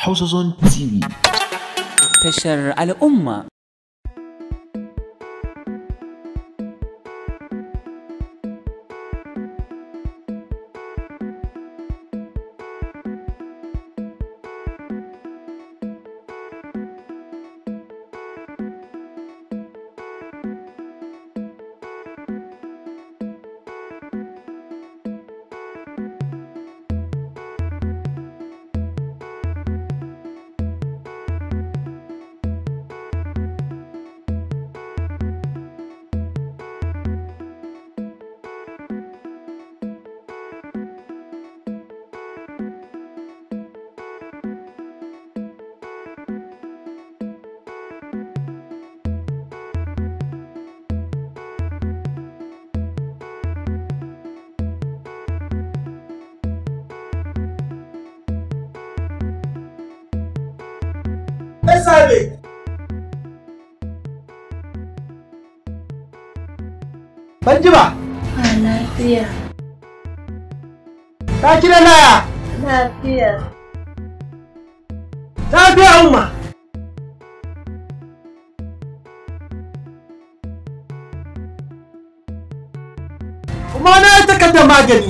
حصص تي في تشر الأمة ji ba? Ba ah, lafiya. Ta kira laya? Lafiya. Lafiya umma. Umma na ya ta kada magani.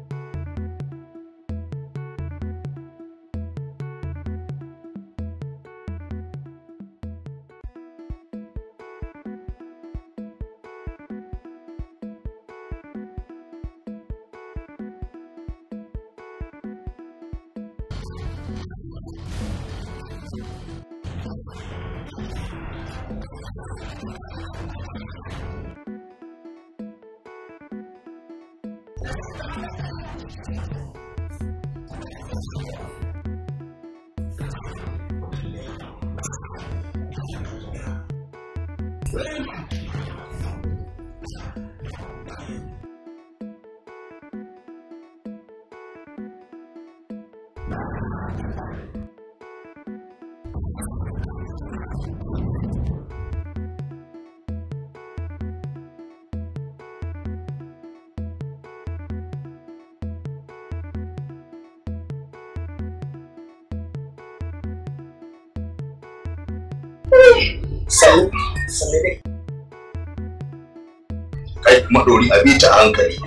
haƙuri a bi ta hankali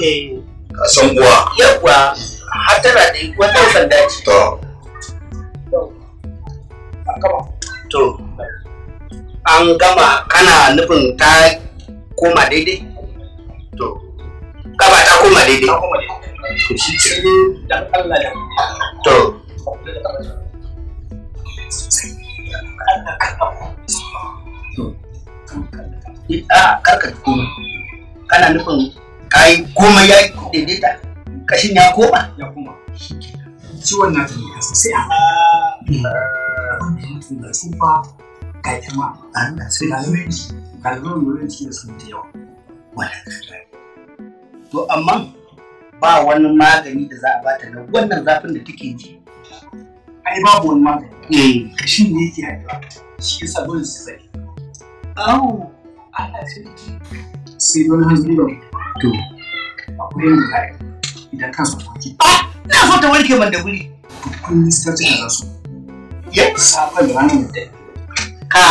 eh. ka san uwa yawa har tana da wata sanda ce to to an gama kana nufin ta koma daidai to gaba ta koma daidai to shi ce dan Allah da to a ah, karka komai kana nufin kayi goma ya daidaita kashin ya koma ya koma ciwon na ta ne sosai a abin da mutum da tsufa ga kuma Allah sai da lokaci ga lokaci da sun da yawa to amma ba wani magani da za a bata na wannan zafin da take ji ai babu wani magani eh kashin ne yake haifa shi yasa dole su sai au Allah sai sai wani hanzari ba to akwai yadda za idan ka so warke. na so ta warke man da wuri. to kun nista ya safa da ranar da ka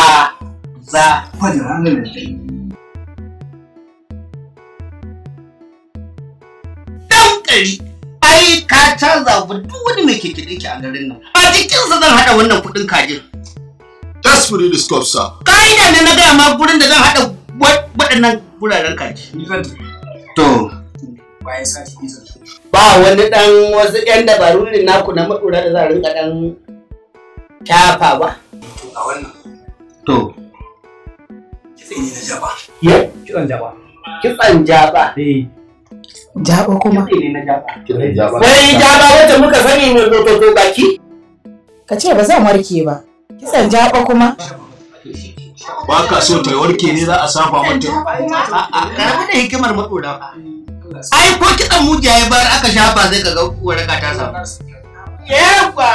za fa da ranar da dan kari ai ka canza wa duk wani mai keke dake a garin nan a jikinsa zan haɗa wannan kuɗin kajin. That's pretty disgusting. Ka'ida ne na gaya ma gurin da zan haɗa waɗannan kuraren kaki. To. Ba wani ɗan wasu ƴan dabaru ne naku na maɗura da za a rinka ɗan ba. a wannan. To. Kitsan na jaba. Kitsan jaba. Kitsan eh. jaba. Jaba kuma. Kitse ne na jaba. Kitsan jaba. Wai jaba wacce muka sani ne to baki. Ka ce ba zan warke ba. Kitsan jaba kuma. ba ka so ta warke ne za a saba mata karamin da hikimar maɗora ai ko kiɗan mujiya ya bayar aka shafa zai ka ga waraka ta samu yawa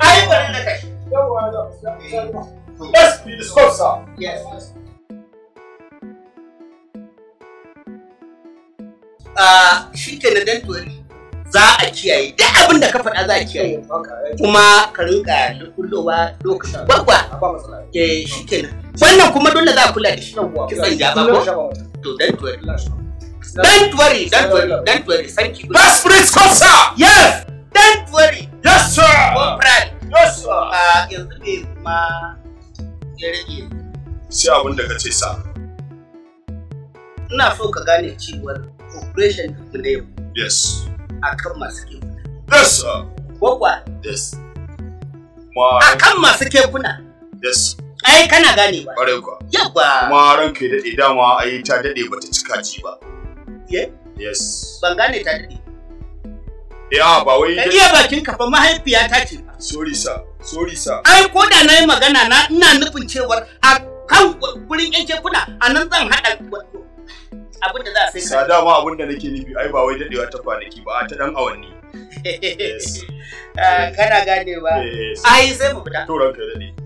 ai bari na kai. A be discussed, shi ke na dantuwari za a kiyaye duk abin da ka faɗa za a kiyaye kuma ka rinka lullowa lokacin gwagwa ke eh, shi kenan wannan kuma dole za a kula da shi ko to don't worry don't worry don't worry sarki that's prince kosa yes don't worry yes sir brad yes sir uh, yanzu ne kuma ya rage sai abin da kace sa ina so ka gane cewar operation din ne yes akan masu kekuna yes sir gwagwa yes akan masu kekuna yes ai kana gane ba ƙwarai kuwa yawa kuma ranka ya daɗe dama ai ta daɗe ta cika ci ba ye yes ban gane ta daɗe a ba wai ka iya bakin ka fa mahaifiya ta ce sorry sa sorry sa ai ko da nayi magana na ina nufin cewar a kan gurin yan kuna a nan zan haɗa abin da za a sai sa dama abin da nake nufi ai ba wai daɗewa ta kwanaki ba ta ɗan awanni ah, kana ba. ai sai mu fita to ranka ya daɗe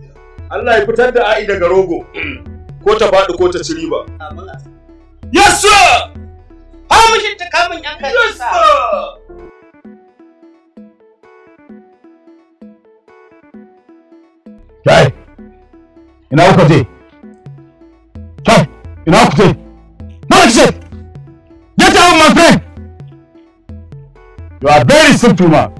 Allah ya fitar da a'i daga rogo ko ta faɗi ko ta ci riba yes sir ha ta kamun yan kai. yes sir Kai, ina kuka je? Kai, ina kuka je? Mana kije? Get out of my friend! You are very simple man.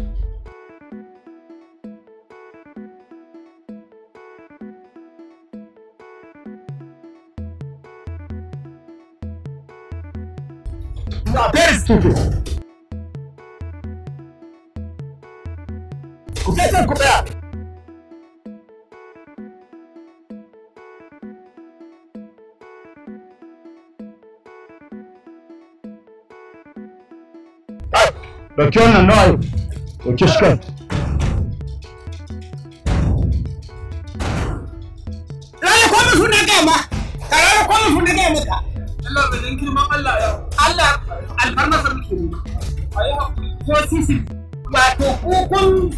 Começa, começa! Dociona, noi! O ce é tá scăpi?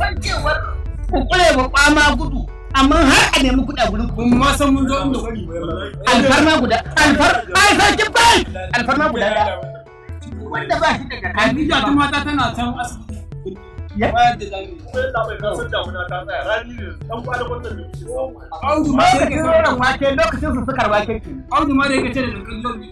san cewar ku kure ba kwama gudu amma har a nemi kuɗa gurin ku. Mun san mun zo inda Alfarma guda alfar ai sarki bai alfarma guda da. Wanda ba shi daga kan. Ni ta mata tana can asibiti. Ya? da zami. Sai da bai kasar da wuna ta tsaya rani ne dan kwana kwanta da muke samu. Audu ma da ke sauran wake lokacin su Audu ma da yake ce da dankalin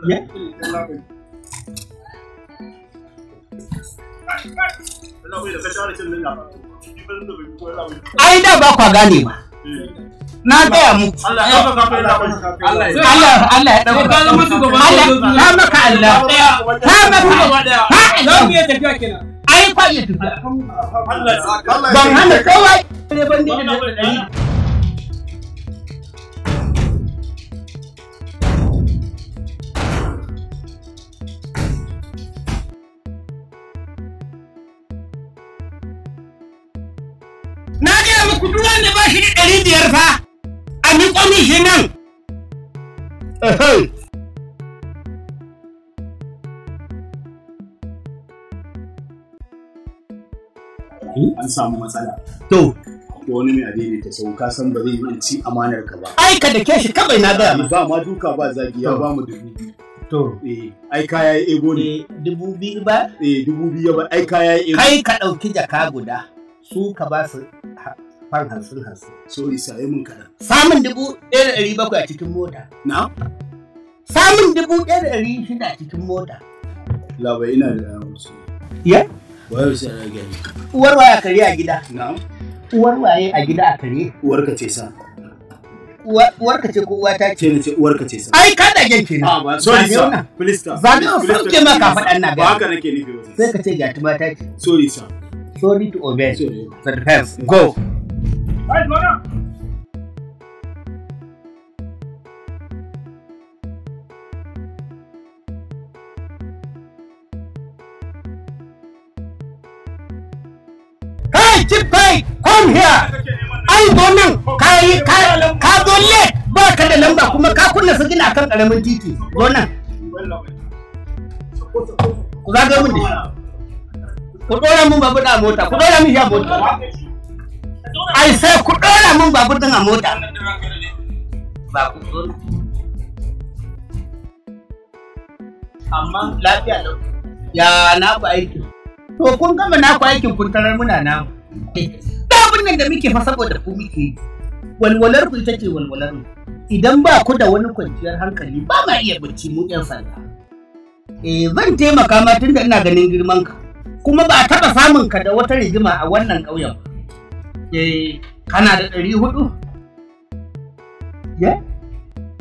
Yeah. Ai da ba kwa gane ba. Na gaya muku. Allah ya ɗauka. Allah ya maka Allah. Ta maka Allah. Ai kwa iya tafiya. Ban hana kowa. Ne ban da ɗari. ɗari biyar fa a miƙo min shi nan an samu matsala to wani mai adini ta sau ka san ba zai yi ci amanar ka ba ai ka da shi kabai na gaya ba ma duka ba zagi ya ba mu dubu to eh ai kaya ya ego ne eh, dubu biyu ba eh dubu biyu ba ai kaya ya ego kai ka ɗauki jaka guda su ka ba su fan hansun hansun. Sori sayi mun kaɗan. Samun dubu ɗaya da ɗari bakwai a cikin mota. Na? Samun dubu ɗaya da ɗari shida a cikin mota. Laba ina da ɗaya wasu. Ya? Wayar sai a gari. Uwar waya kare a gida. Na? Uwar waye a gida a kare. Uwar ka ce sa. Uwar ka ce ko uwata ce ne ce ka ce sa ai ka dage kenan ah, sorry sir please sir zabi on ke ma ka faɗan na ga haka nake nufi sai ka ce ga tumata ce sorry sir sorry to obey sorry for the um, go Vai, Luana! Hey, Come here! Ai, wannan ka zo late ba ka da lamba kuma ka kunna sigina akan karamin titi. Wannan. Ku zagaye mun ne. Ku dora mun babu da mota, ku dora mun ya mota. ai sai ku ɗora min babur ɗin a mota babur amma lafiya lau ya na ku aiki? to kun gama na ku aikin kun tarar muna na dabin nan da muke fa saboda ku muke walwalar ku ita ce walwalar mu idan ba ku da wani kwanciyar hankali ba ma iya bacci mu yan sanda eh zan taimaka ma tunda ina ganin girman ka kuma ba a taɓa samun ka da wata rigima a wannan ƙauyen ba Eh, kana da ɗari hudu? Ya?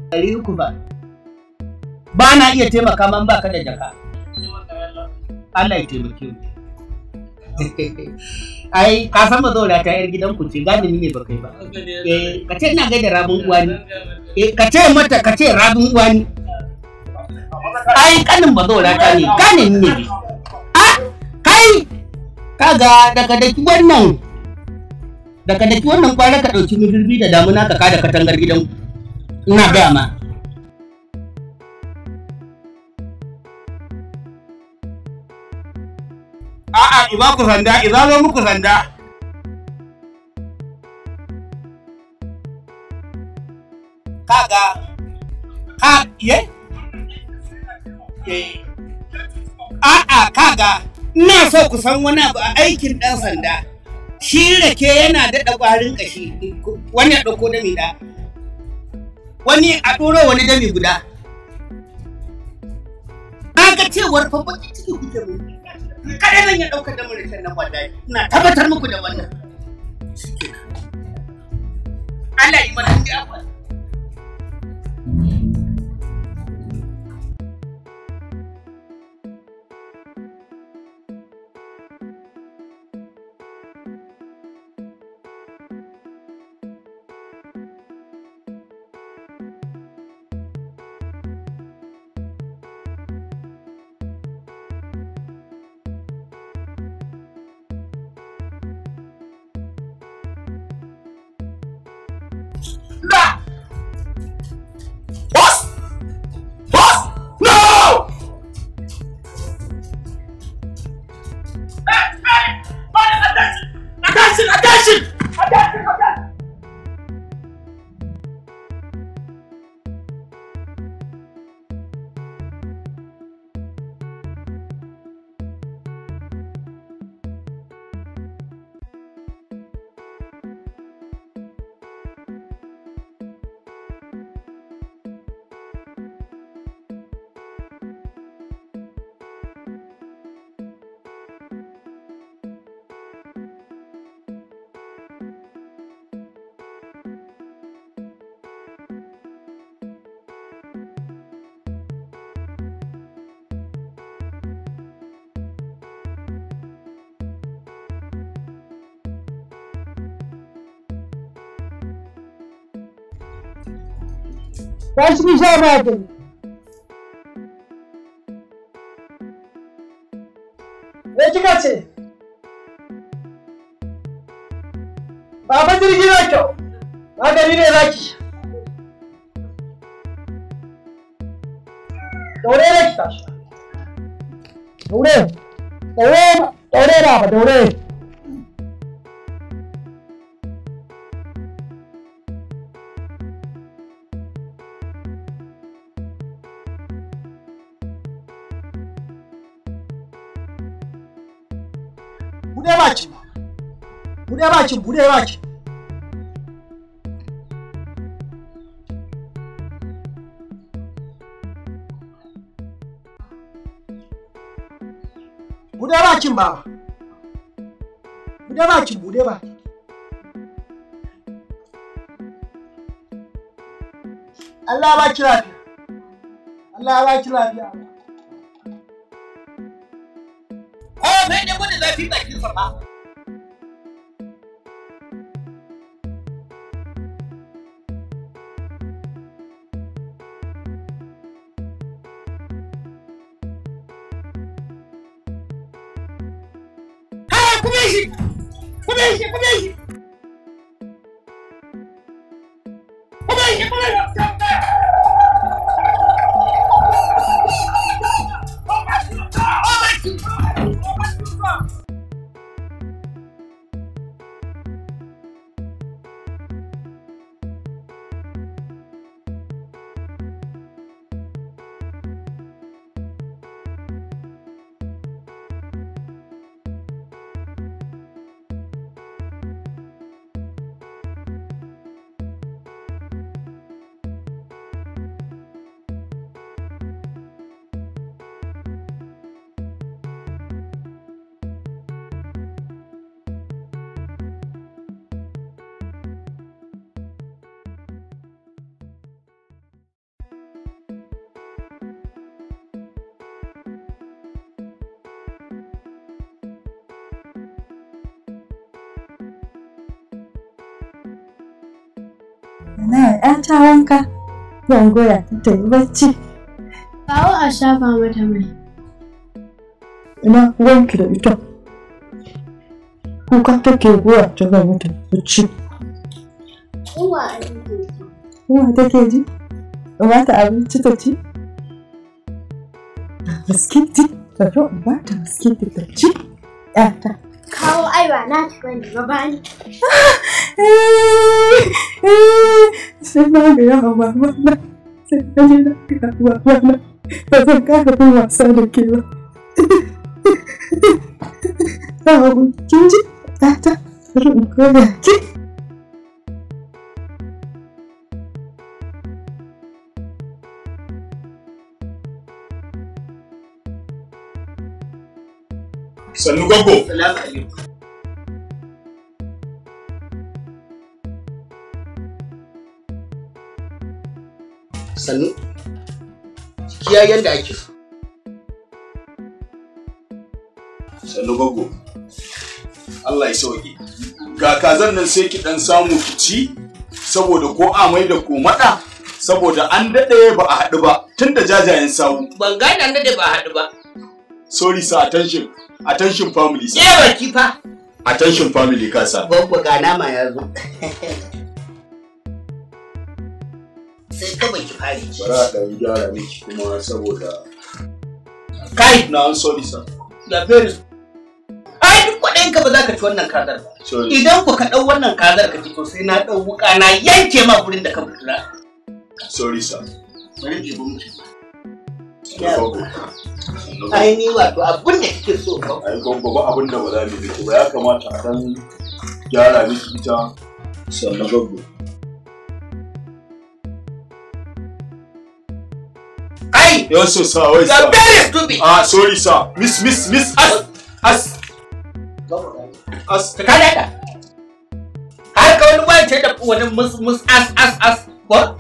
Ɗari uku ba. Ba na iya taimaka man ba ka da jaka. Allah ya taimake mu. Ai, ka san ba zaura ta yar gidan ku ce gadini ne ba kai ba. Eh, ka ce ina gaida rabin uwani. Eh, ka ce mata ka ce rabin ni. Ai, kanin ba zaura ta ne, kanin ne. Ah, kai, kaga daga daki wannan Daga daki wannan kwana ka ɗauki mudurbi da damuna ka kada katangar gidan ina gaya ma a'a iba ku sanda iza zo muku sanda kaga ka ye eh. a'a kaga ina so ku san wani abu a aikin ɗan sanda shi rake yana daɗa ƙwarin ƙashi wani a ɗauko dami ɗa wani a ɗora wani dami guda Na ga cewar fa baƙin ciki kuke mu kada nan ya ɗauka da raken na kwada ina tabbatar muku da wannan Allah yi mana ndi akwai Ben şimdi maçin bude maçin bude bakin baba bude bakin bude baki Allah ba ki lafiya Allah ba ki lafiya Oh, mai ne wani zafi bakin sa ba. ta wanka zan goya ta ta yi bacci. Kawo a shafa mata mai. Ina wanki da ita. Kuka take goya ta ga mata bacci. Uwa Uwa take ji? Ba ta abinci ta ci? Biskiti, ta zo ba ta biskiti ta ci? ‘Yata. Kawo ai ba na ta bane ba ba ni. Ah! Eh! sai na sai na je gaya wa mamana ba zan ƙara wasa da ke ba Awo, sannu ciki ya yanda ake so sannu gogo Allah ya sauke ga kazan nan sai ki dan samu ki ci saboda ko amai da ko mada saboda an dade ba a haɗu ba tun da jajayen sawu ban gane an dade ba a haɗu ba sorry sir attention attention family sir yawa ki fa attention family kasa babba ga nama ya zo sai ta bai kifari bari a ɗan gyara miki kuma saboda kai na an so lisa na very ai duk kwaɗayin ka ba za ka ci wannan kazar idan ku ka ɗau wannan kazar ka ci to sai na ɗau wuƙa na yanke ma gurin da ka butura sorry sir bari ke bumci ai ni wato abin da kike so ba ai gongo ba abin da ba za mu yi ba ya kamata a dan gyara miki ita sannan gongo stupid. You're so sir. Wait, very stupid. Ah, sorry sir. Miss, miss, miss. As, as. As. Ka Har ka wani wani ce da wani mus mus as as as ko?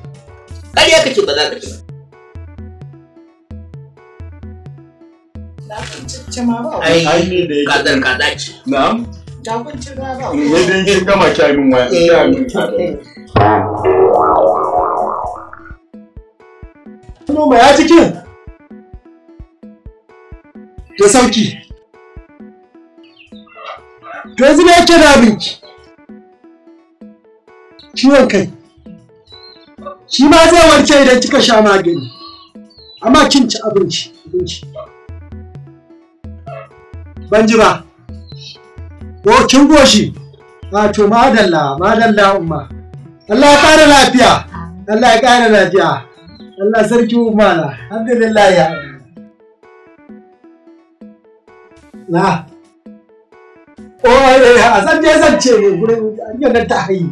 Kariya kace ba za ka ci ba. Ai, kadar kada ce. Na'am. Da kun Ne din kin gama kya min waya. Eh. Noma ya cikin? Da sauki. To yanzu ne yake rabinki. Ciwon kai. Shi ma zai warke idan kika sha magani. Amma kin ci abinci, abinci. Ban ji ba. Ko kin goshi? A ah, to madalla, madalla umma. Allah ya ƙara lafiya. Allah ya ƙara lafiya. Allah sarki mu mala. Alhamdulillah ya. Na. Oh, eh, eh, a zanje zance ne gure an yi ta hayi.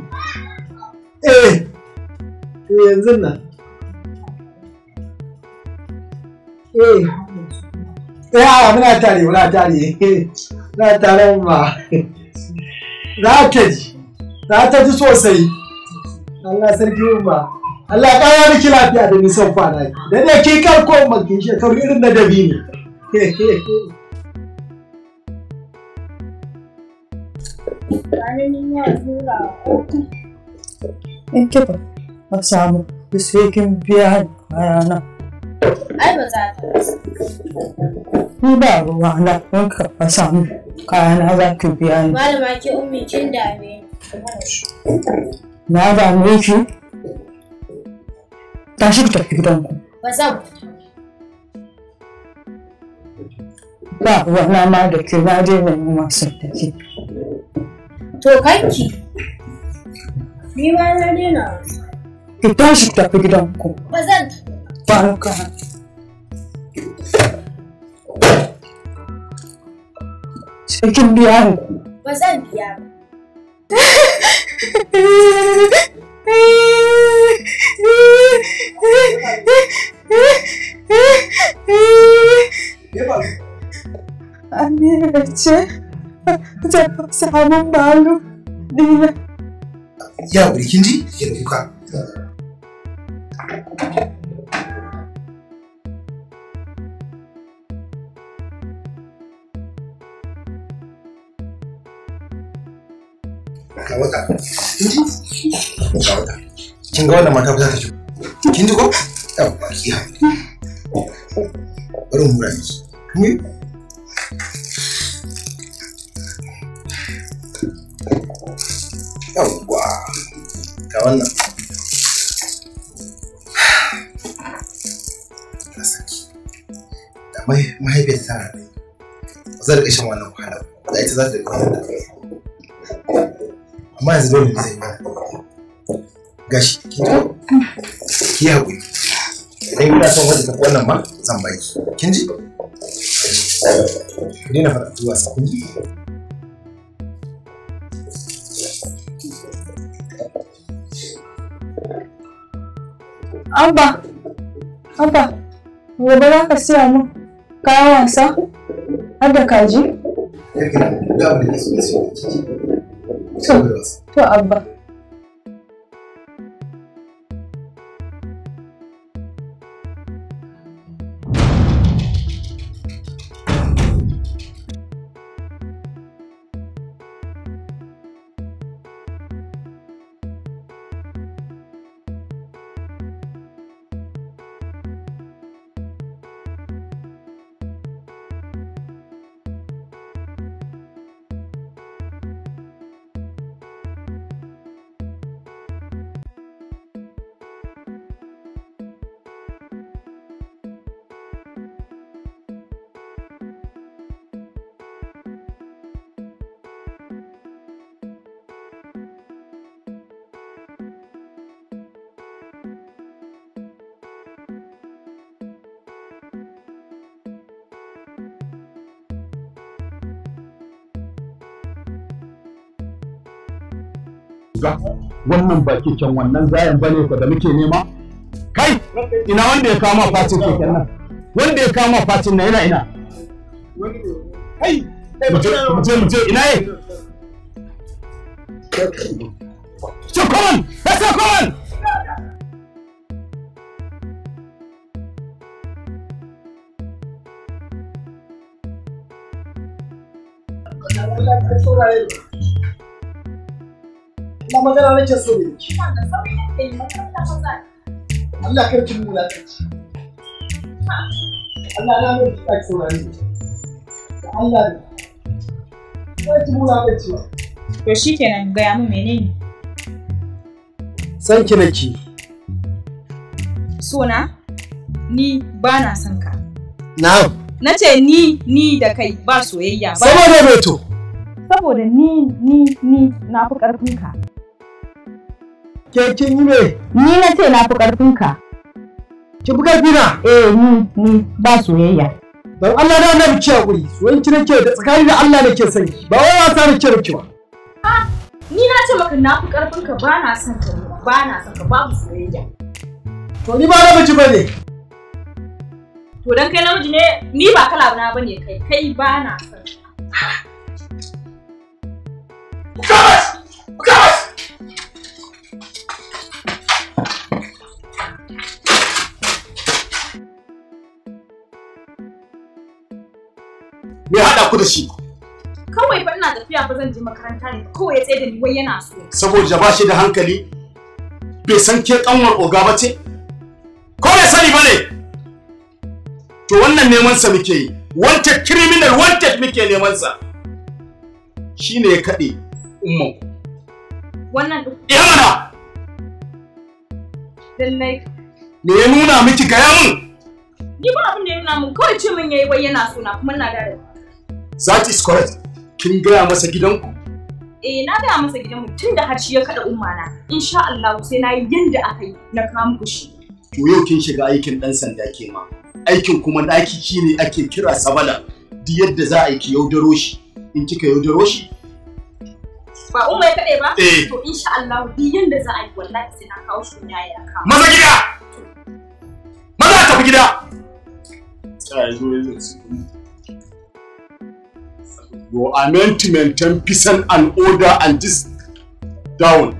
Eh. Eh yanzu nan. Eh. Eh, a muna tare, muna tare. Na tare ma. Za ta ji. Za ta ji sosai. Allah sarki mu umma. Allah ya ƙara miki lafiya da nisan kwana da ne ke karko maki shekaru irin na dabi ne in kifa samu da sai kin ai ba za ta ni ba ruwa na wanka ba samu kayana za ki biya ni malama ke ummi kin dame na dame ki tashi ku tafi gidanku. Ba zan Ba ma da ke na je na yi masu da ke. To ki. ni ma na daina Ki tashi ku tafi gidanku. Ba zan Ba ka. Sikin biya ku. Ba zan biya Amira ce ta samun balu dina. Ya wuri Ya kuka. kin ga wannan mata ba za ta ci kin ji ko yawa ki haɗu oh, oh, bari mu mura miki ne yawa ga wannan mahaifiyar ta rana ba zai rika shan wannan wahala ba za ita za ta rika wannan amma yanzu dole ne zai yi gashi ki haƙuri idan kina son wanda tafi wannan ma zan baki kin ji ki na fara zuwa sa kun Abba, Abba, gobe za ka siya min kayan wasa har da kaji? To, to Abba. ga wannan baki can wannan zayan bane ka da muke nema kai ina wanda ya kama facin ke kenan wanda ya kama facin na ina ina kai mutum mutum ina eh zan so da ki. Allah kar ki mu lalace. Allah na mai ki ki Da Allah ne. Kai ki mu lalace. To shikenan gaya mu menene? San ki nake. Sona ni ba na son ka. Na'am. na ce ni ni da kai ba soyayya ba saboda beto saboda ni ni ni na fi karfin ka Ke kin yi me? Ni na ce na fi ƙarfin ka. Ki fi ƙarfi na? Eh ni ni ba soyayya. Dan Allah na nan ce hakuri, soyayya ki nake da tsakani da Allah nake son ki. Ba wai wasa nake da ki ba. Ha, ni na ce maka na fi ƙarfin ka ba na son ka ba na son ka babu soyayya. To ni ba namiji bane. To dan kai namiji ne ni ba kala na bane kai kai ba na son. Kawas! Kawas! ku da shi kawai fa ina tafiya ba zan je makaranta ne kawai ya tsaye da ni wai yana so saboda ba shi da hankali bai san ke kanwar oga ba ce ko bai sani ba ne to wannan neman sa muke yi wanted criminal wanted muke neman sa shine ya kaɗe umman ku wannan ya mana lallai me ya nuna miki gaya mun ni ba abin da ya nuna mun kawai ce mun yayi wai yana so na kuma na da That is correct. Kin gaya masa gidanku? Eh na gaya masa gidanmu tun da har shi ya kada umma na. Insha Allah sai na yi yanda aka yi na kawo shi. To yau kin shiga aikin dan sanda ke ma. Aikin kuma ɗaki shine ake kira sabala. Duk yadda za a yi ki yaudaro shi. In kika yaudaro shi ba umma ya kaɗai ba? Eh. To insha Allah duk yanda za a yi wallahi sai na kawo shi ya ya kawo. Maza gida! Maza tafi gida! Tsaya zo yanzu. You are meant to maintain peace and order and this down.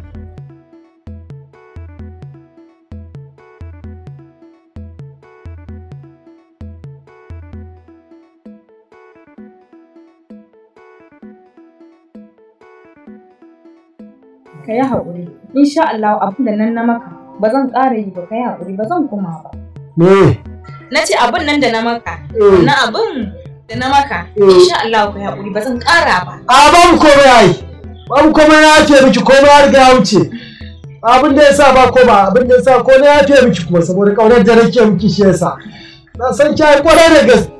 Ka yi haƙuri, insha Allah abin da nan na maka ba zan ƙara yi ba ka yi haƙuri ba zan kuma ba. Me? Na ce abin nan da na maka, eh. na abin da na maka eh. insha Allah ku haƙuri ba zan ƙara ba a ba mu komai ai ba mu komai na yafe miki komai har ga wuce abin da yasa ba ko ba abin da yasa ko na yafe miki kuma saboda ƙaunar da nake miki shi yasa na san kai kwarai da gaske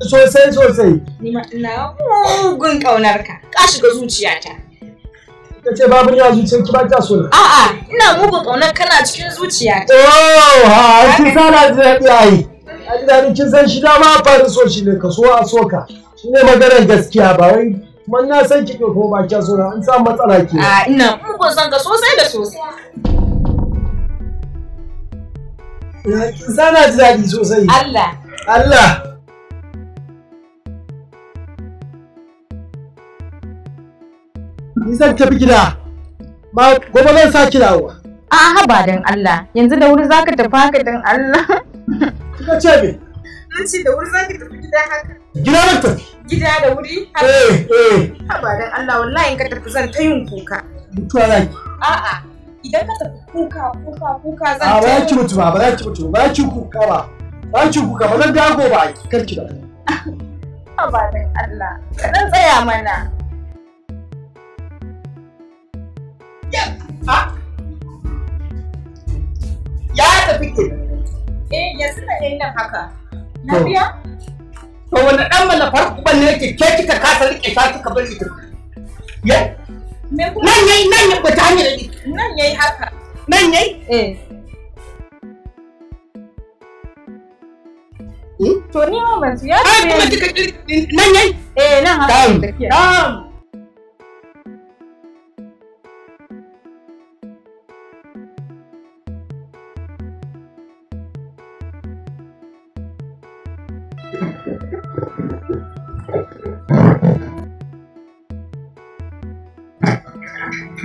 sosai sosai ni ma ina mugun kaunar ka ka shiga zuciyata ka ce babu ya zuciyar ki ba ta so a'a ina mugun ƙaunar kana cikin zuciyata oh ha kin sana da daɗi ai tsari kin san shi dama fara so shi ne ka so a so ka shi ne maganar gaskiya ba wai man na san kike ko ba kya so an samu matsala ke a ina mun ko san ka sosai da sosai Sana ji daɗi sosai. Allah. Allah. Ni zan tafi gida. Ma gobe zan sa kirawa. A'a ba dan Allah. Yanzu da wuri zaka tafi haka dan Allah. Kika ce me? Na ce da wuri za ki tafi gida haka. Gida na tafi. Gida da wuri? Eh eh. Haba dan Allah wallahi in ka tafi zan ta yin kuka. Mutuwa za ki. A'a. Idan ka tafi kuka kuka kuka zan ta. A ba ki mutu ba ba za ki mutu ba Ba ki kuka ba. Ba ki kuka ba zan dago ba ki kar ki da. Haba dan Allah. Ka dan tsaya mana. Ya tafi kenan. Eh, ya suka yi nan haka. Lafiya? To wani ɗan malafar kuban ne yake ke kika kasa riƙe ta kika bari ta. Ya? Nan yayi nan ya bata hanyar ne. Nan yayi haka. Nan yayi? Eh. Hmm? To ni ma ban su ya ce. Ai kuma kika nan yayi? Eh nan haka. Dam. Dam.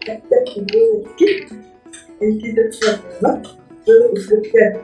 dikkatli kullanırken elinde tutamamak böyle üfürken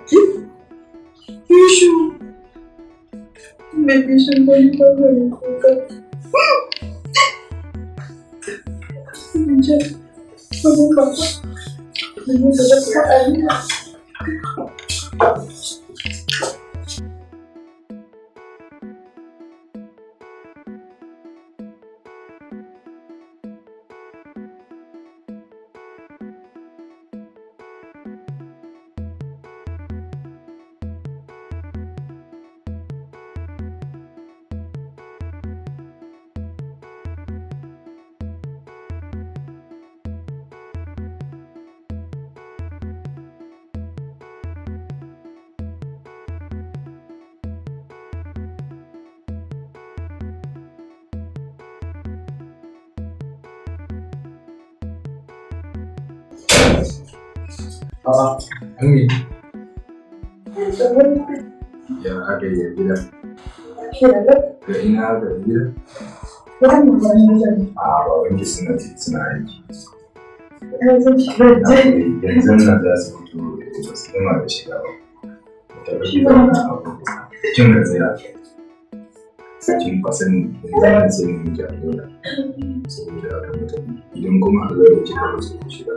Baba, ya me? Ya aka yi gida. Ga ina da gida? A baban ki suna ce suna aiki. Yanzu nan za su fito da su gama da shiga ba. Tafi ba na Kin ga tsaya. cikin kwasan da za a ce ne da saboda idan kuma Allah ya ci gaba su shiga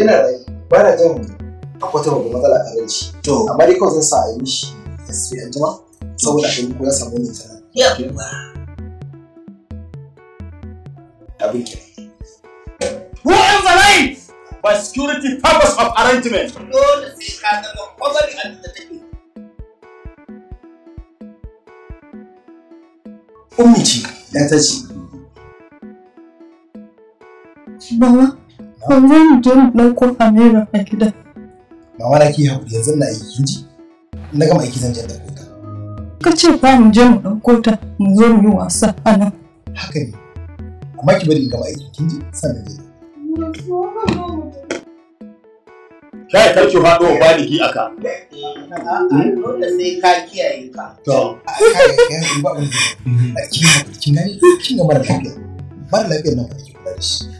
yana yi ba na jin akwatar ta matsala a ranci to amma dai kawai zan sa a yi a sai an jima saboda a yi ya samu ne tana yawa abin kenan who owns the line by security purpose of arrangement dole sai ka zama kwabari a da take ummi ce ya ta ce Bawa, ko zan je mu ɗauko Amira a gida. Mama na ke haƙuri yanzu na aiki kin ji? Na gama aiki zan je ɗauko ta. Ka ce ba mu je mu ɗauko ta mu zo mu yi wasa a nan. Haka ne. Amma ki bari in gama aiki kin ji sannan je. Kai kar ki faɗo wa baligi a ka. Dole sai ka kiyaye ka. To. Kin ga mara lafiya. Mara lafiya nan ba ki kula da shi.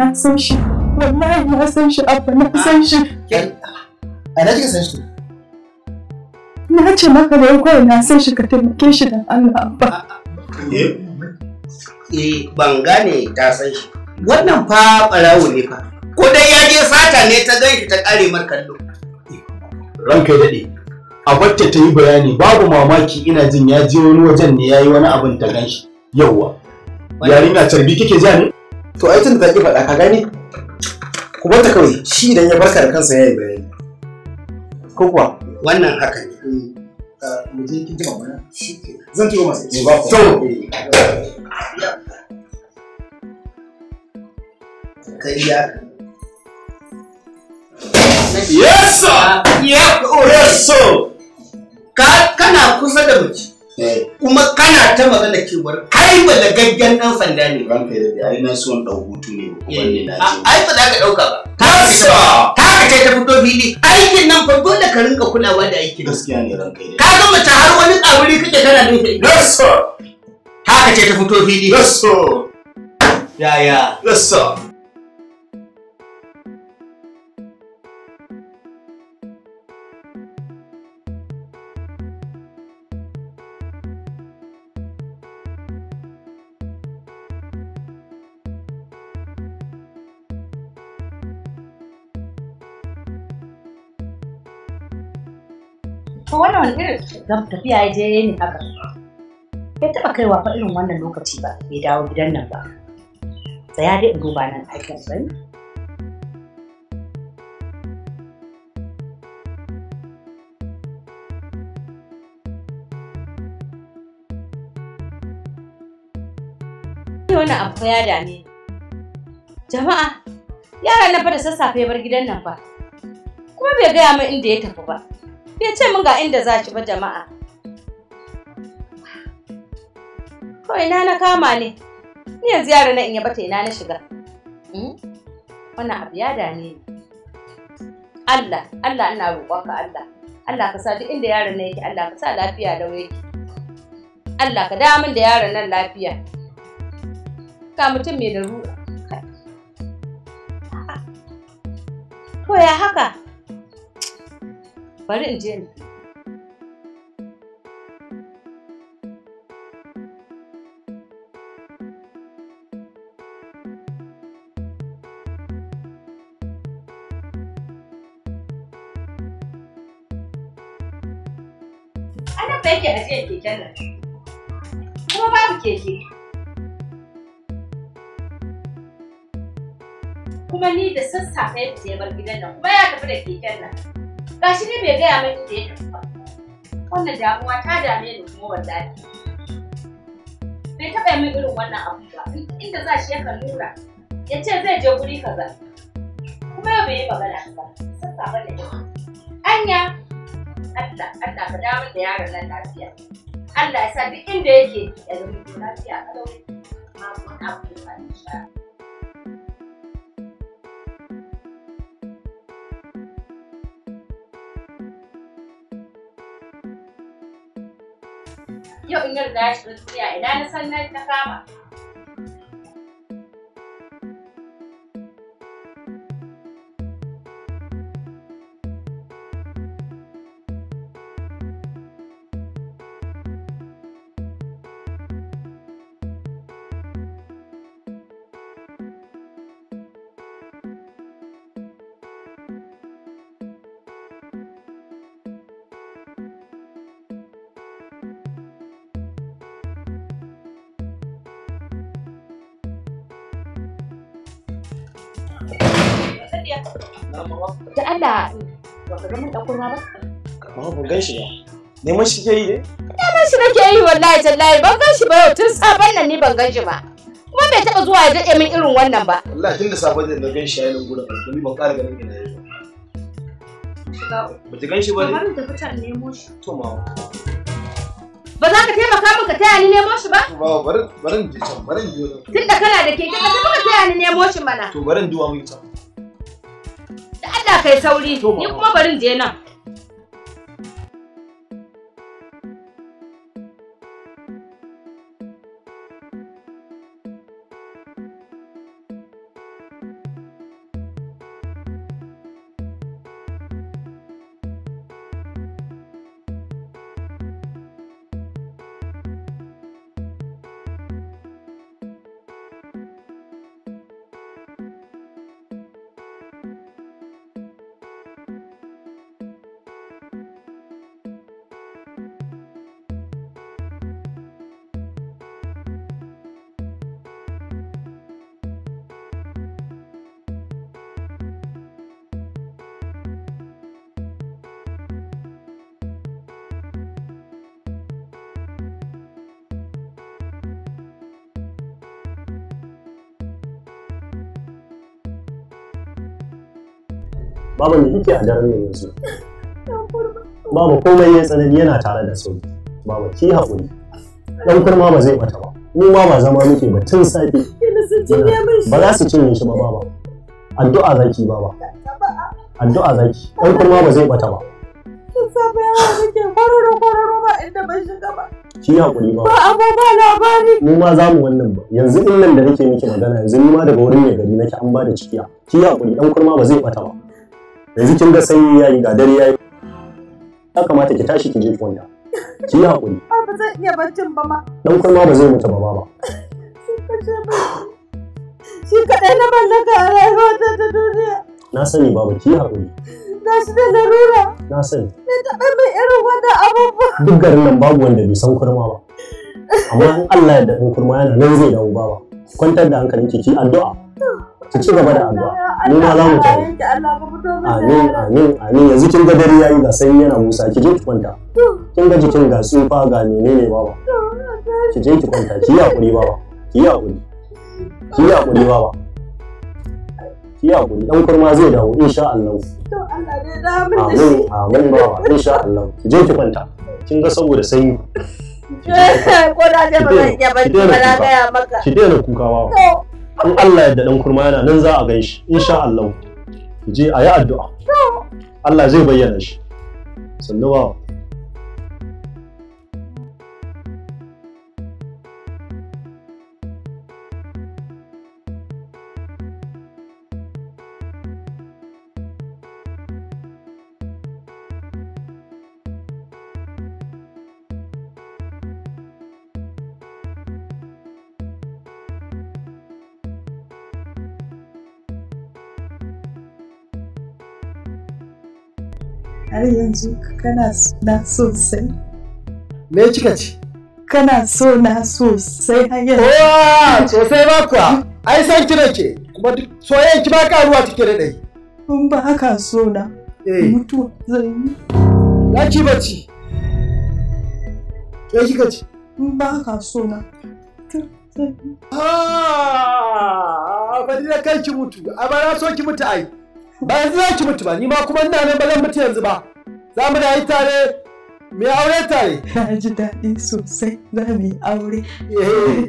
na san shi wallahi na san shi abba na san shi a na kika san shi na ce maka da kawai na san shi ka taimake shi dan Allah abba eh? eh ban gane ta san shi wannan fa barawo ne fa ko dai ya je sata ne ta ganshi ta kare mar kallo ranka dade a wacce ta yi bayani babu mamaki ina jin ya je wani wajen ne ya yi wani abin ta ganshi yauwa yarinya carbi kike ja ne to ai tun da faɗa ka gani ku bar ta kawai shi idan ya barka da kansa ya yi bayani ko kuwa wannan haka ne eh, mu je kin ya Yes sir! Oh, yes sir! Ka kana kusa da mace. kuma kana ta magana cewar kai ba da gaggen dan sanda ne ranka ya da ai na son dau hutu ne kuma ne na eh, ai ba ka dauka ba ta ta ka ce ta fito fili aikin nan fa dole ka rinka kulawa da aikin gaskiya ne ranka ya ka ga mace har wani tsaburi kake kana da ita yes sir ta ka ce ta fito fili yes sir yaya yes sir don tafiya ya je ni haka ya taɓa kaiwa fa irin wannan lokaci ba bai dawo gidan nan ba tsaya dai in duba nan aikin sani wani abu ya dame jama'a yaran na fa da sassafe bar gidan nan ba kuma bai gaya min inda ya tafi ba bai ce min ga inda za ki ba jama'a to ina na kama ne ni yanzu yara na in ya bata ina na shiga hmm? wannan abu ya dane ni Allah Allah ina roƙonka Allah Allah ka sa duk inda yaron nan yake Allah ka sa lafiya da Allah ka dawo min da yaron nan lafiya ka mutum mai da ruwa ya haka bari in je Ana fa yake ajiyar keken nan. Kuma babu keke. Kuma ni da sassafe ya bar gidan nan kuma ya tafi da keken nan. gashi ne bai gaya miki da ya tafi ba wannan damuwa ta dame ni kuma ne. bai taɓa min irin wannan abu ba inda za shi yakan nuna ya ce zai je guri kaza kuma yau bai yi magana ba sassa ba da anya Allah Allah ka dawo da yaron nan lafiya Allah ya sa duk inda yake ya zama lafiya a kalau abu abu da insha Allah yau in yarda ya shiga duniya ina na san na ta kama lafiya da Allah ba ka gama ɗan kurma ba amma ban gan shi ba neman shi ke yi ne neman shi nake yi wallahi tallahi ban gan shi ba yau tun sabon nan ni ban gan shi ba kuma bai taɓa zuwa ya daɗe min irin wannan ba wallahi tun da sabon nan na gan shi a yanin gurin domin ban ƙara ganin na yi ba ta gan shi ba ne Kamar tafi ta nemo shi to ma ba za ka taimaka min ka taya ni nemo shi ba? Ba barin barin je can barin je. Tunda kana da keke ka taimaka taya ni nemo shi mana. To barin duwa mun can. kai sauri ni kuma barin je nan Baba ne kike a daren nan yanzu babu komai ya tsanani yana tare da sauki babu ki haƙuri dan kurma ba zai bata ba mu ma ba zama muke ba tun safe ba za su cinye shi ba baba addu'a zaki baba addu'a zaki dan kurma ba zai bata ba tun muke ba inda ban shiga ba ki haƙuri ba ba abu ba labari mu ma za mu wannan ba yanzu din nan da nake miki magana yanzu ni ma daga wurin ya gari nake an ba da cikiya ki haƙuri dan kurma ba zai bata ba yanzu kin ga sanyi yayi ga dare yayi ya kamata ki tashi ki je ki wanda. ki yi hakuri ba zan iya barcin ba ma dan kurma ba zai mutu ba ba shi kadai na mallaka a rayuwata ta duniya na sani baba ki yi hakuri na shi da larura na sani ne taɓa mai irin wannan abubuwa duk garin nan babu wanda bai san kurma ba amma in Allah ya da kurma yana nan zai dawo baba kwantar da hankalinki ki addu'a ki ci gaba da addu'a ni ma za mu tare amin amin amin yanzu kin ga dare yayi ga sanyi yana musa ki je ki kwanta kin ga jikin ga tsufa ga menene baba ki je ki kwanta ki yi hakuri baba ki yi hakuri ki yi hakuri baba ki yi hakuri dan kurma zai dawo insha Allah to Allah dai da mun amin amin baba insha Allah ki je ki kwanta kin ga saboda sanyi ko da ba zan iya bacci ba na gaya maka ki daina kukawa an Allah yadda dan kurma yana nan za a gan shi insha Allah je a yi addu'a Allah zai bayyana shi sannu yanzu kana na sosai me kika ci kana so na sosai har yanzu sosai ba kuwa ai san ki ke, kuma duk soyayyen ki ba karuwa take da dai kun eh. ba haka so na mutuwa zai yi za ki bacci ke kika ci kun ba haka so na Ah, bari da kai ki mutu, a bara so ki mutu ai. Ba yanzu za ki mutu ba, ni ma kuma ina nan ba zan mutu yanzu ba. za mu da yi tare Me aure tare na ji daɗi sosai za mu yi aure eh.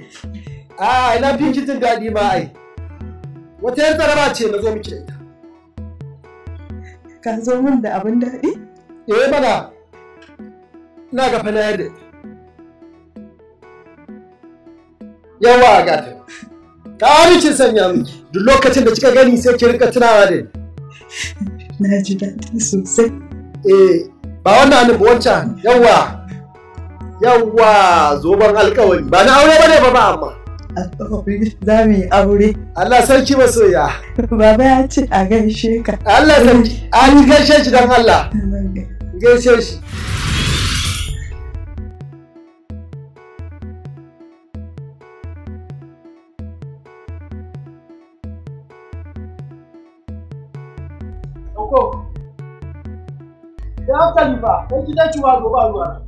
a ah, ina fi jin daɗi ma ai wata yan tsaraba ce na zo miki ita ka zo min da abin daɗi eh bana na ga fana yadda yawa ga ta Ka rikin sanya miki duk lokacin da kika gani sai ki rika tunawa da ni na ji daɗi sosai eh ba wannan hannun ba wancan yawa yawa zoben alkawari ba na aure bane ba ba amma alkawari za mu yi aure Allah sarki masoya baba ya ce a gaishe ka Allah sarki an gaishe shi don Allah gaishe shi fi dacewa gobe a ruwa.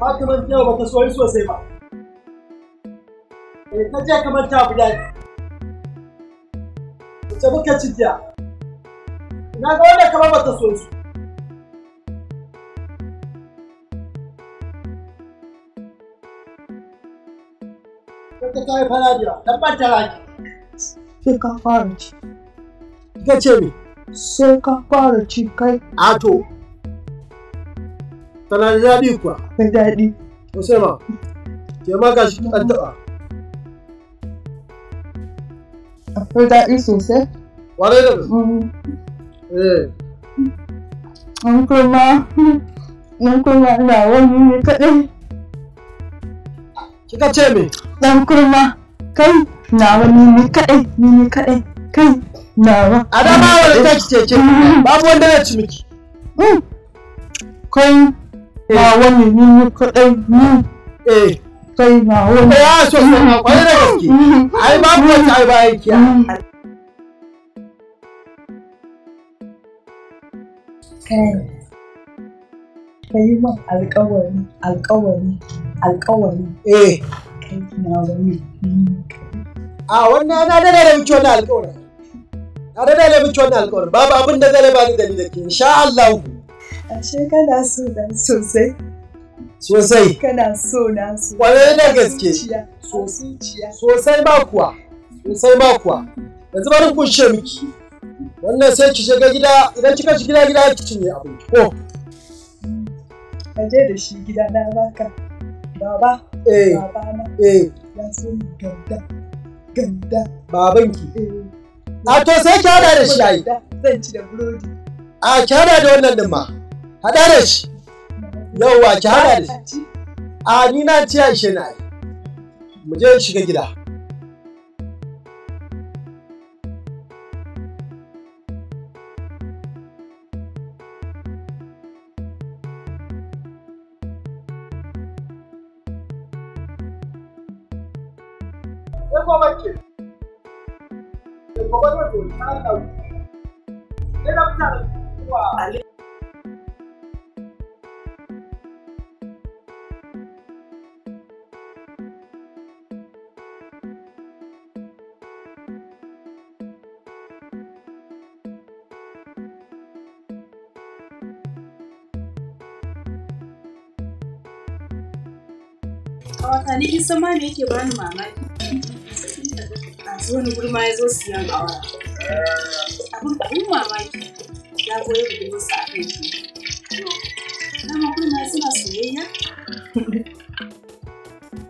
Fatimar yau ba ta soyi sosai ba. Eh, ta je kamar ta guda. Ce muka ci Na ga wanda kama ba ta so su. Kaka ta yi farajiya, tabbar ta raki. Sai ka fara ci. Ita ce me? Sai ka fara ci kai. Ato. Tana da daɗi kuwa? Mai daɗi. Wasu ma, ke ma ga shi ɗan taɓa. Akwai daɗi sosai. Wane da eh in kuma in kuma ina wani ne kaɗai kika ce me dan kurma kai nawa ni ne kaɗai ni ne kaɗai kai nawa a da ba wani ta ce ce babu wanda ya ci miki kai nawa ni ne kaɗai ni kai nawa ya so so kwarai da gaske ai babu wata ai ba yake kai ka yi min alkawari alkawari alkawari eh kai na wani a wannan na da da miki wannan alkawari na da da miki wannan alkawari babu abin da zai bani da ni da ke insha Allah ashe kana so dan sosai sosai kana so na so kwarai da gaske sosai ba kuwa sosai ba kuwa yanzu bari ku ce miki wannan sai ki shiga gida idan kika shiga gida gida ki cinye abinci ko ka je da shi gida na baka baba eh baba eh ya so ganda ganda babanki eh. a to sai ki hada da shi ai zan ci da burodi a ki hada da wannan din ma hada da shi yauwa ki hada da shi a ni na ciya shi na mu je shiga gida a watanni duk sama ne yake bani mamaki a wani gurma ya zo siyan awara abin abin mamaki ya goyi da gudun sa akan shi dama kurma suna soyayya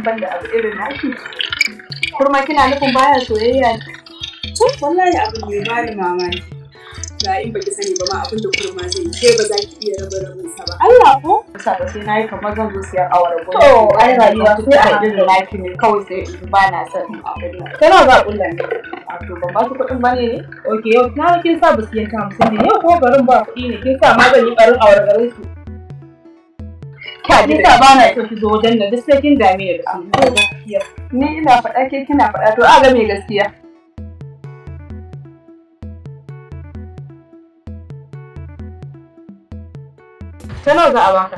banda abu irin naki kurma kina nufin baya soyayya ne to wallahi abu ne bani mamaki ga in baki sani ba ma abin da kurma zai yi ke ba za ki iya raba rabin sa ba Allah ko kusa ba sai na yi kamar zan zo siyan awara ko to ai rayuwa sai a haɗu da naki ne kawai sai in ba na son in abu na kana ba kullan a to ban ba su kuɗin ba ne ne? okay yau na kin sa ba siyan ta hamsin ne yau kuma garin ba kuɗi ne kin sa ma zan yi barin awara garin su Kisa ba na so ki zo wajen nan duk sai kin dame da su. Ni ina faɗa ke kina faɗa to a ga me gaskiya. ta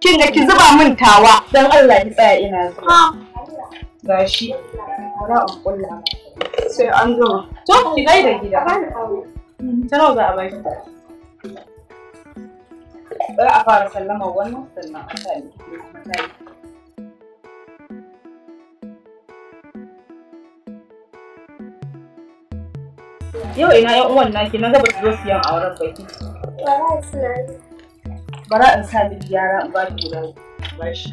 kin da ki zuba min tawa dan Allah ki tsaya ina zuwa gashi bara kulla sai an gama to ki gaida gida ta nawa a baki Yau ina 'yan uwan naki na gaba zo siyan auren baki. bara in sa miki gyara in ba ki ba shi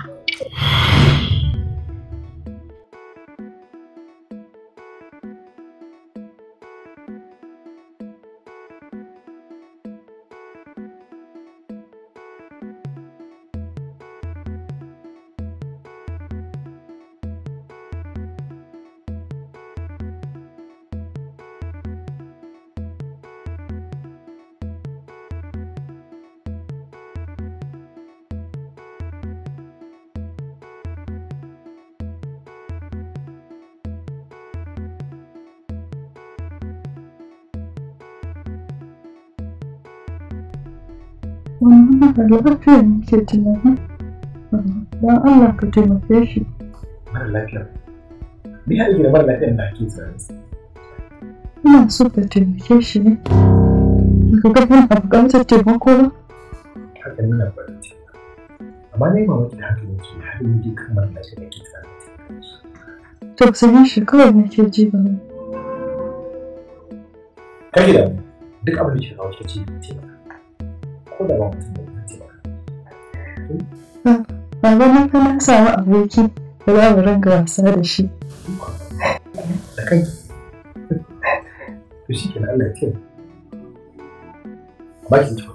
wani haka lafiya ke tunani don Allah ka taimake shi mara lafiya me ya da mara lafiyan da ake tsaye ina so ka taimake shi ne ka ga ban bukatar taimako ba haka nuna barci amma na yi mamaki da haka yake har yi ji kan mara lafiya da ke tsaye tausayin shi kawai ke ji ba ne. kai da duk abin da ke kawo shi ce taimaka ba ba ba. Baba na kana samu aboki da za mu wasa da shi. Ba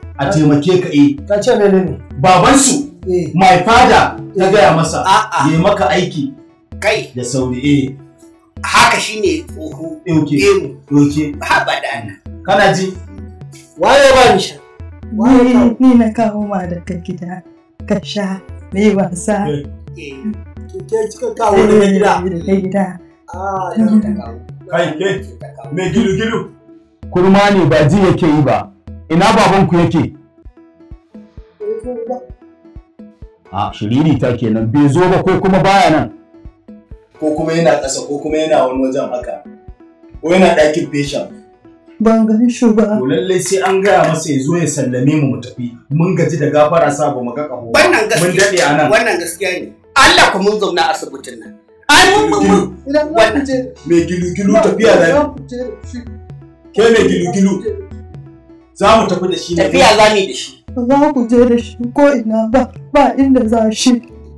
a taimake ka eh ka ce ne ne. Baban su, eh. my father ta gaya eh. masa ya maka aiki kai da sauri eh haka shine tsoho ɗauke eh, ɗauke haɓa dana kana ji waye ba ni sha Waye ni na kawo ma da ka gida ka sha mai wasa ke cika kawo da gida da gida ah, kai ke me gilu gilu kurma ne ba ji yake yi ba ina babanku yake a shiriri ta kenan bai zo ba ko kuma baya nan ko kuma yana ƙasa ko kuma yana wani wajen haka ko yana ɗakin feshin. ban gani shi ba to lallai sai an gaya masa ya zo ya sallame mu mu tafi mun gaji da gafara sa ba mu ga ƙaho wannan gaskiya mun daɗe anan wannan gaskiya ne Allah ku mun zauna asibitin nan ai mun mun mun idan za ku me gilu gilu tafiya da ke me gilu gilu za mu tafi da shi tafiya za mu yi da shi ba za ku je da shi ko ina ba ba inda za shi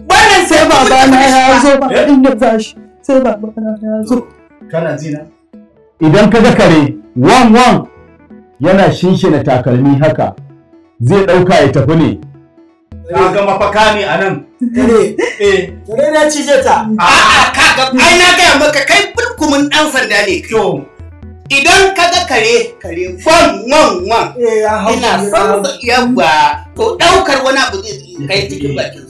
wannan sai baba na ya zo ba eh? inda za shi sai baba na ya zo kana zina idan ka ga kare wan wan yana shinshina takalmi haka zai ɗauka ya tafi ne ka ga mafaka ne a nan eh na cije ta ah. a'a ka ga ai na ga maka kai bulkumin dan sanda ne to idan ka ga kare kare wan wan wan ina son yawa to daukar wani abu zai kai cikin bakin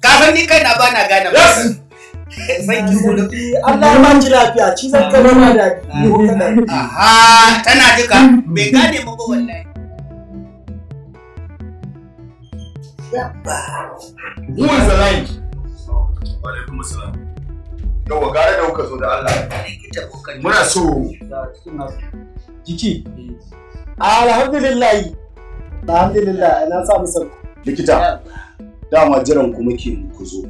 kafin ni kai na ba na gane ba Allah ya ji lafiya ci zan kai ma da ah. aha tana jika bai gane mu ba wallahi Who is the line? Wa alaikum assalam. yawa gara da kuka zo da Allah muna so jiki alhamdulillah alhamdulillah na samu sauki likita dama jiran ku muke ku zo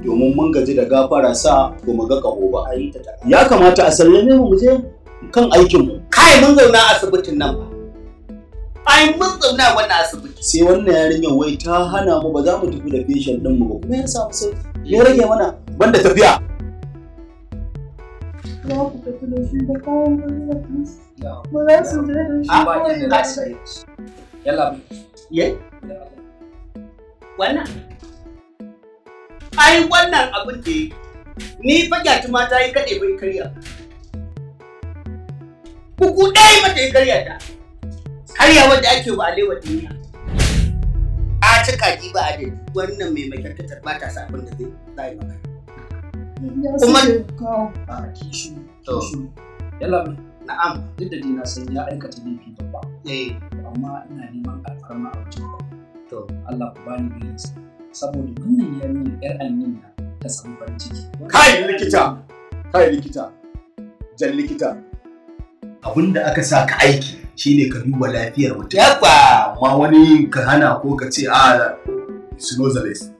domin mun gaji da gafara sa ba mu ga kaho ba ya kamata a sallame mu je kan aikin mu kai mun zauna asibitin nan ba ai mun zauna wannan asibiti sai wannan yarinyar wai ta hana mu ba za mu tafi da patient din mu ba kuma ya samu sauki ya rage mana banda tafiya bloco, petologia, depois Não. Mulheres indígenas. Ah, ba inda na sai. Yalla bai. Ye? Wannan? Ai wannan abin da yi. Ni fagyatu ma ta yi kaɗe bai karya. Kuku ɗaya mata yi karya ta. Karya wadda ake ba alewa duniya. A cika ji ba adadi wannan mai mai ta sa abin da zai yi magana. kuma kawo a kishu kishu yalla na'am duk da dina sai ya aikata laifi babba eh amma ina neman alfarma a wajen ku to Allah ku bani saboda wannan yarinya yar annina ta samu farin ciki kai likita kai likita jan likita abin da aka sa ka aiki shine ka duba lafiyar mutum yabba ma wani ka hana ko ka ce a ah, sinozales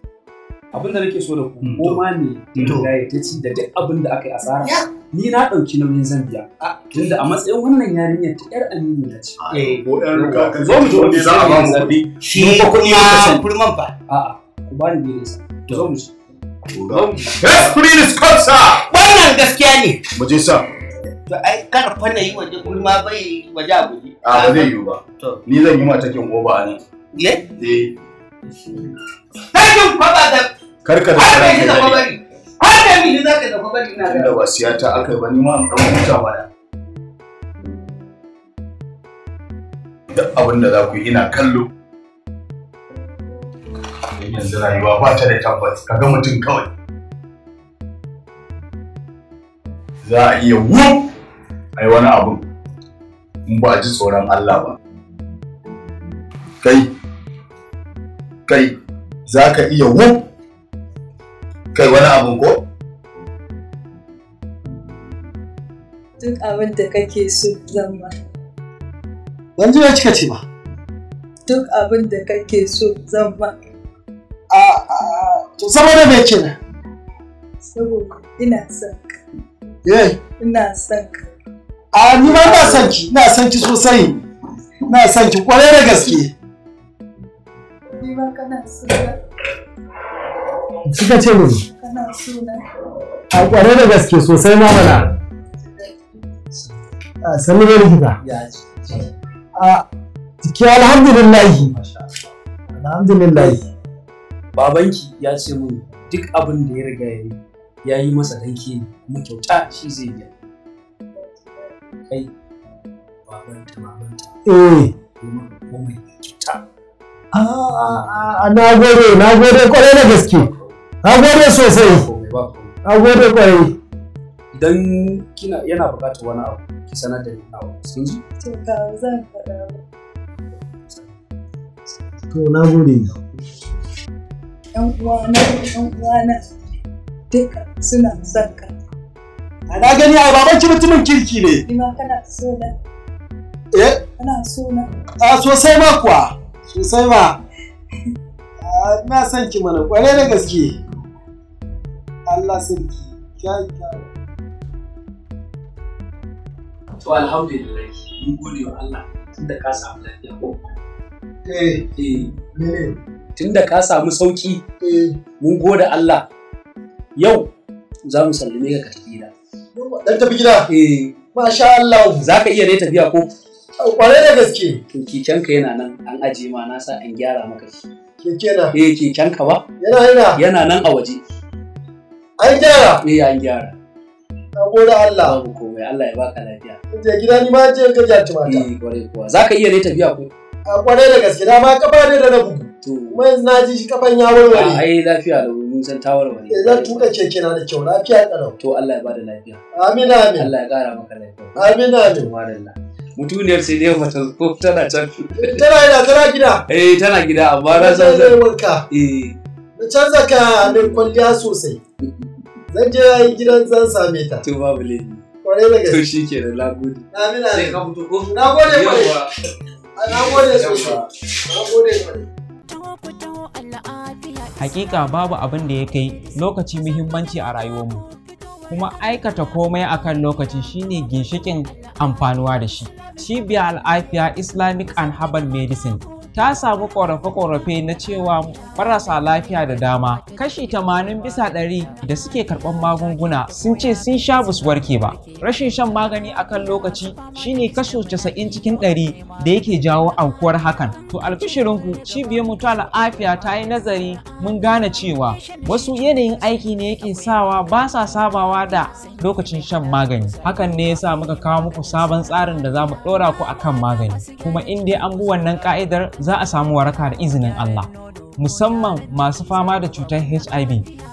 abin da nake so da ku mm, koma ne da mm, ya ci da duk abin da aka yi asara ni na ɗauki nauyin zan biya tunda a matsayin wannan yarinyar ta yar aminu na ci. Eh, ko zo mu ji wani za a ba mu kuɗi shi ba kuɗi ba san kurman ba a ku ba ni bilis zo mu je Yes, please, come, sir! Wannan gaskiya ne! Mu je, sa to ai kar fa na yi waje kurma bai waje a guje. A ba zai yi ba. Ni zan yi mata kin goba ne. eh Eh. Takin fa ba karka da kai da bari har da mini zaka da bari ina da wasiya ta akai ba ni ma an dan huta baya. duk abin da za ku yi ina kallo yanzu rayuwa ba ta da tabbas ka ga mutum kawai za a iya wu ai wani abu in ba a ji tsoron Allah ba kai kai za ka iya wu kai wani abin ko? Duk abin da kake so zan Ban ji kika ce ba. Duk abin da kake so zan ma. A a to saboda me ce na? Saboda ina son ka. Yay. Eh. Ina son ka. A ni ma ina son ki, ina son ki sosai. Ina son ki kwarai da gaske. Ni ma kana son ka. suka ce mu a kware da gaske sosai ma mana sannu ne likita a ciki alhamdulillah babanki ya ce mun duk abin da ya riga yayi yi ya yi masa danki ne kyauta shi zai biya kai babanta babanta eh kuma kyauta a na gode na gode kwarai da gaske na gode sosai na gode kwarai idan kina yana buƙatar wani abu ki sanar da ni a cikin ji to ka zan faɗa to na gode yan uwana yan uwana duka suna son ka na gani ai baban ki mutumin kirki ne ni ma kana so na eh kana so na a sosai ma kuwa sosai ma ah, na san ki mana kwarai da gaske Allah sarki kyakkyawa to alhamdulillah mun gode wa Allah tunda ka samu lafiya ko eh eh tunda ka samu sauki eh. mun gode Allah yau za mu sallame ka tafi gida dan tafi gida eh masha Allah za ka iya dai tafiya ko kware da gaske to ka yana nan an aje ma na sa an gyara maka shi keke na eh ka ba yana yana yana nan a waje An gyara? Eh an gyara. Na gode Allah. Babu komai Allah ya baka lafiya. Je gida ni ma je ka jarci mata. Eh kwarai kuwa. Za ka iya ne tafiya ko? A kwarai da gaske da ma kafa ne da na bugu. To. Kuma yanzu na ji shi kafan ya warware. a Ai lafiya da mun san ta warware. Eh zan tuka keke na da kyau lafiya ƙarau. To Allah ya bada lafiya. Amin amin. Allah ya kara maka lafiya. Amin amin. Subhanallah. mutuniyar sai dai mata ko tana can eh, tana ina tana gida eh tana gida amma na san zai warka eh na canza ka ne kwalliya sosai zan je yayi gidan zan same ta to babu laifi kwarai da gaske to shikenan na gode na sai ka fito ko na gode kwarai na gode sosai na gode kwarai Hakika babu abin da ya kai lokaci muhimmanci a rayuwarmu, kuma aikata komai akan lokaci shine ginshikin amfanuwa da shi. Cibiyar Al'afiya Islamic and Herbal Medicine ta samu ƙorafe-ƙorafe na cewa marasa lafiya da dama kashi 80 bisa ɗari da suke karɓar magunguna sun ce sun sha basu warke ba rashin shan magani a kan lokaci shine kashi casa'in cikin ɗari da yake jawo aukuwar hakan to alfishirinku cibiyar mutu lafiya ta yi nazari mun gane cewa wasu yanayin aiki ne yake sawa ba sa sabawa da lokacin shan magani hakan ne ya sa muka kawo muku sabon tsarin da za mu ɗora ku akan magani kuma in dai an bi wannan ka'idar za a samu waraka da izinin Allah musamman masu fama da cutar HIV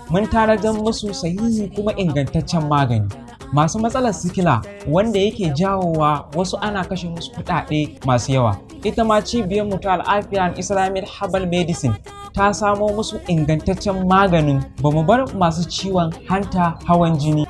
mun don musu sahihi kuma ingantaccen magani masu matsalar sikila wanda yake jawowa wasu ana kashe musu kuɗaɗe masu yawa ita ma cibiyar mu ta al'afiya islamic herbal medicine ta samo musu ingantaccen maganin bamu bar masu ciwon hanta hawan jini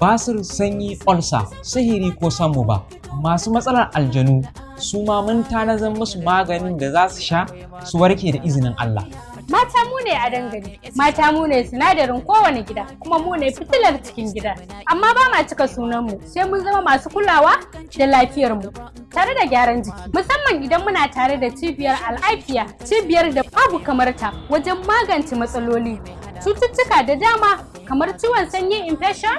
basir sanyi olsa sihiri ko samu ba masu matsalar aljanu su ma mun tanazan musu maganin da za su sha su warke da izinin Allah mata mu ne a dangane mata mu ne sinadarin kowane gida kuma mu ne fitilar cikin gida amma ba ma cika sunanmu sai mun zama masu kulawa da lafiyarmu tare da gyaran jiki musamman idan muna tare da cibiyar al'afiya cibiyar da babu kamar ta wajen magance matsaloli cututtuka da dama kamar ciwon sanyi infection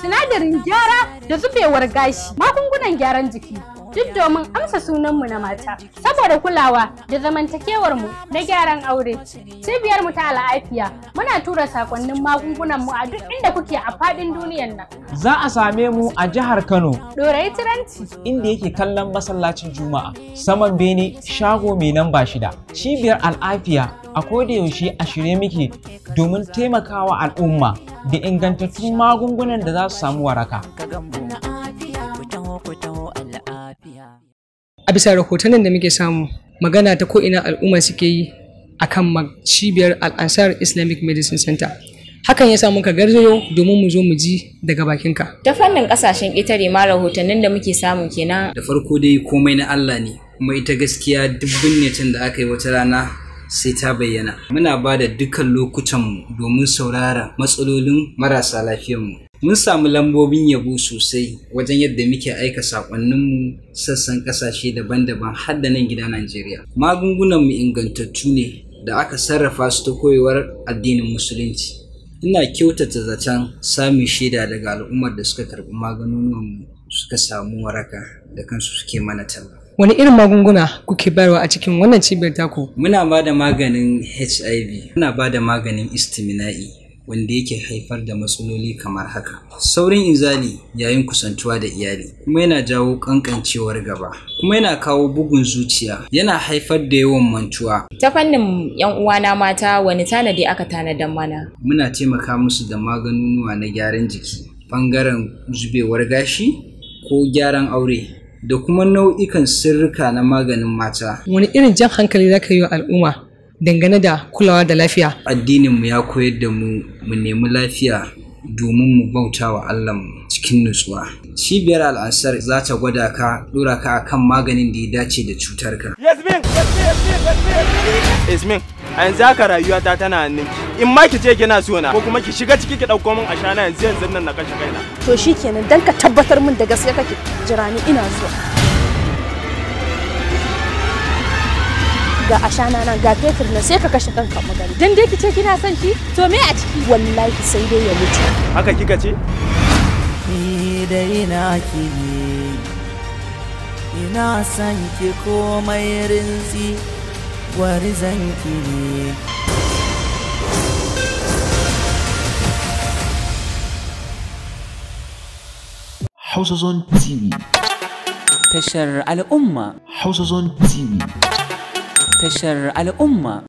sinadarin gyara da zubewar gashi magungunan gyaran jiki duk domin amsa sunanmu na mata saboda kulawa da zamantakewar mu na gyaran aure. Cibiyarmu ta al'afiya muna tura sakonnin magungunanmu a duk inda kuke a faɗin duniyar nan. Za a same mu a jihar Kano. Dorayi turanci Inda yake kallon masallacin Juma'a saman Bene shago mai namba shida. Cibiyar al'afiya a yaushe a shirye muke domin taimakawa al'umma da ingantattun magungunan da za su samu waraka. a bisa rahotannin da muke samu magana ta ko'ina al'umma suke yi a kan cibiyar al'ansar islamic medicine center hakan ya samu ka garzayo domin mu zo mu ji daga bakinka ta fannin kasashen ƙetare ma rahotannin da muke samu kenan da farko dai komai na allah ne kuma ita gaskiya duk binnetin da aka yi wata rana sai ta bayyana. Muna ba da dukkan lokutanmu domin saurara matsalolin marasa lafiyanmu. Mun samu lambobin yabo sosai wajen yadda muke aika saƙonninmu sassan ƙasashe daban-daban har da nan gida Najeriya. Magungunanmu ingantattu ne da aka sarrafa su ta koyewar addinin Musulunci. Ina kyautata zaton samun shaida daga al'ummar da suka karɓi maganunanmu suka samu waraka da kansu suke mana talla. wani irin magunguna kuke bayarwa a cikin wannan cibiyar taku muna ba da maganin hiv muna ba da maganin istimina'i wanda yake haifar da matsaloli kamar haka saurin inzali yayin kusantuwa da iyali kuma yana jawo kankancewar gaba kuma yana kawo bugun zuciya yana haifar da yawan mantuwa ta fannin yan uwana mata wani tanadi aka tanadar mana muna taimaka musu da maganunuwa na gyaran jiki bangaren zubewar gashi ko gyaran aure da kuma nau'ikan sirrika na maganin mata. Wani irin jan hankali za ka yi wa al'umma dangane da kulawa da lafiya? addinin mu ya koyar da mu mu nemi lafiya domin mu bauta wa Allah cikin nutsuwa. Cibiyar al'asar za ta gwada ka ɗora ka akan maganin da ya dace da cutarka. Yasmin! Yasmin! Yasmin! a yanzu haka rayuwata tana hannunki in ma ki je kina so na ko kuma ki shiga ciki ki dauko min ashana yanzu yanzu nan na kashe kaina to shikenan dan ka tabbatar min da gaskiya kake jira ni ina zuwa ga ashana nan ga fetur na sai ka kashe kanka magani dan dai ki ce kina son shi to me a ciki wallahi sai dai ya mutu haka kika ce ni da ina ki ina san ki komai rinzi ورزقا كبير حصص تي تشر الأمة حصص تي تشر الأمة